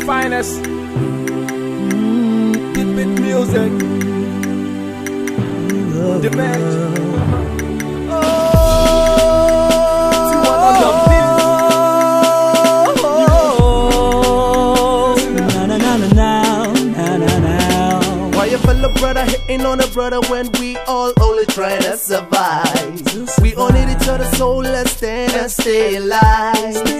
finest. Mm, Deep in music. The match. Oh, hitting on a brother when we all only trying to survive. We all need each other, so let's stand and stay alive.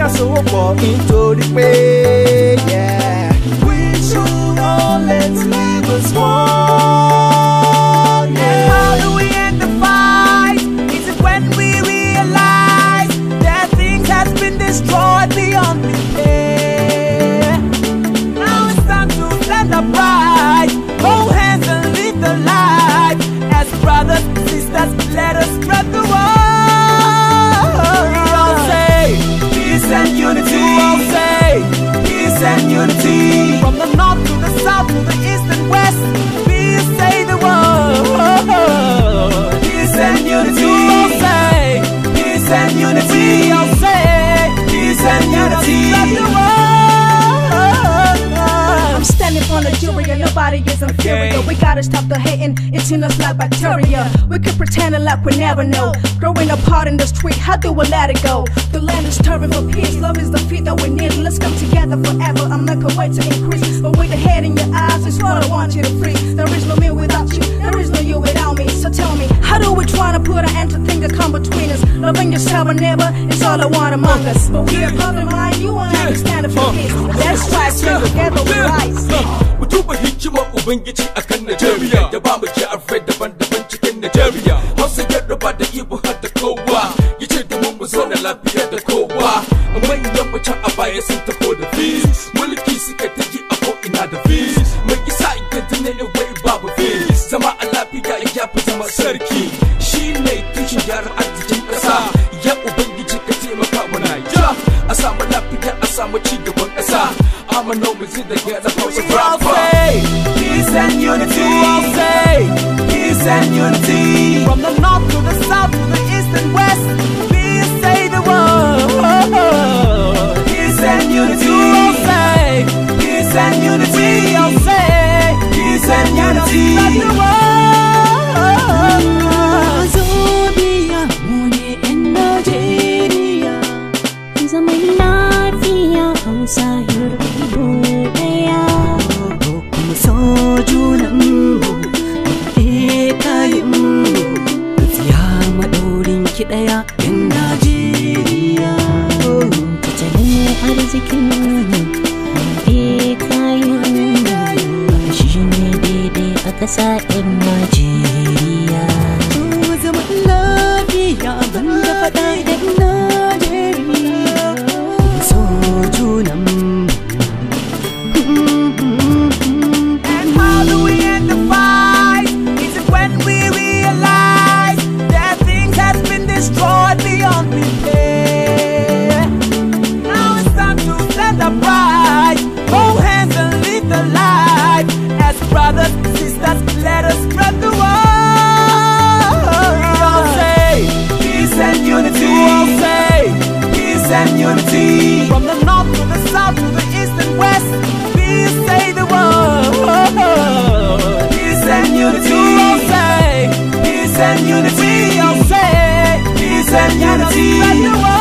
ká sowọ́pọ̀ nítorí pé. unity from the north to the south. body is inferior. We gotta stop the hating, it's in us like bacteria. We could pretend like we never know. Growing apart in the street, how do we let it go? The land is turning for peace, love is the feed that we need. Let's come together forever, I'm not gonna wait to increase. But with the head in your eyes, it's what I want you to feel. There is no me without you, there is no you without me. So tell me, how do we try to put an end to things that come between us? Loving yourself or never is all I want among us. But we are brother mind, you won't understand it for peace. Let's try to together we rise. ubangiji akan Najeriya ya ba mu ki arfe daban-daban cikin Najeriya Hausa Yaraba da Igbo har da kowa yace da mu mu na lafiya da kowa manyan mu can a baya sun tafo da fees mulki suka ta yi a ko ina da fees mai isa idan tunanin wai babu fees zama a lafiya ya fi zama sarki shi ne tushen gyara till they get the power. We all say peace and unity. We all say peace and unity. From the north to the south to the east and west, we say the word. Peace and unity. We all say peace and unity. We all say peace and unity. Spread the word. I'm sorry. baki daya in Najeriya tattalin arzikin mafi kayan shi ne daidai a ƙasa in Najeriya brothers, sisters, let us spread the word. We all say peace and unity. We all say peace and unity. From the north to the south to the east and west, we say the word. Peace and unity. We all say peace and unity. We all say peace and unity. Spread the word.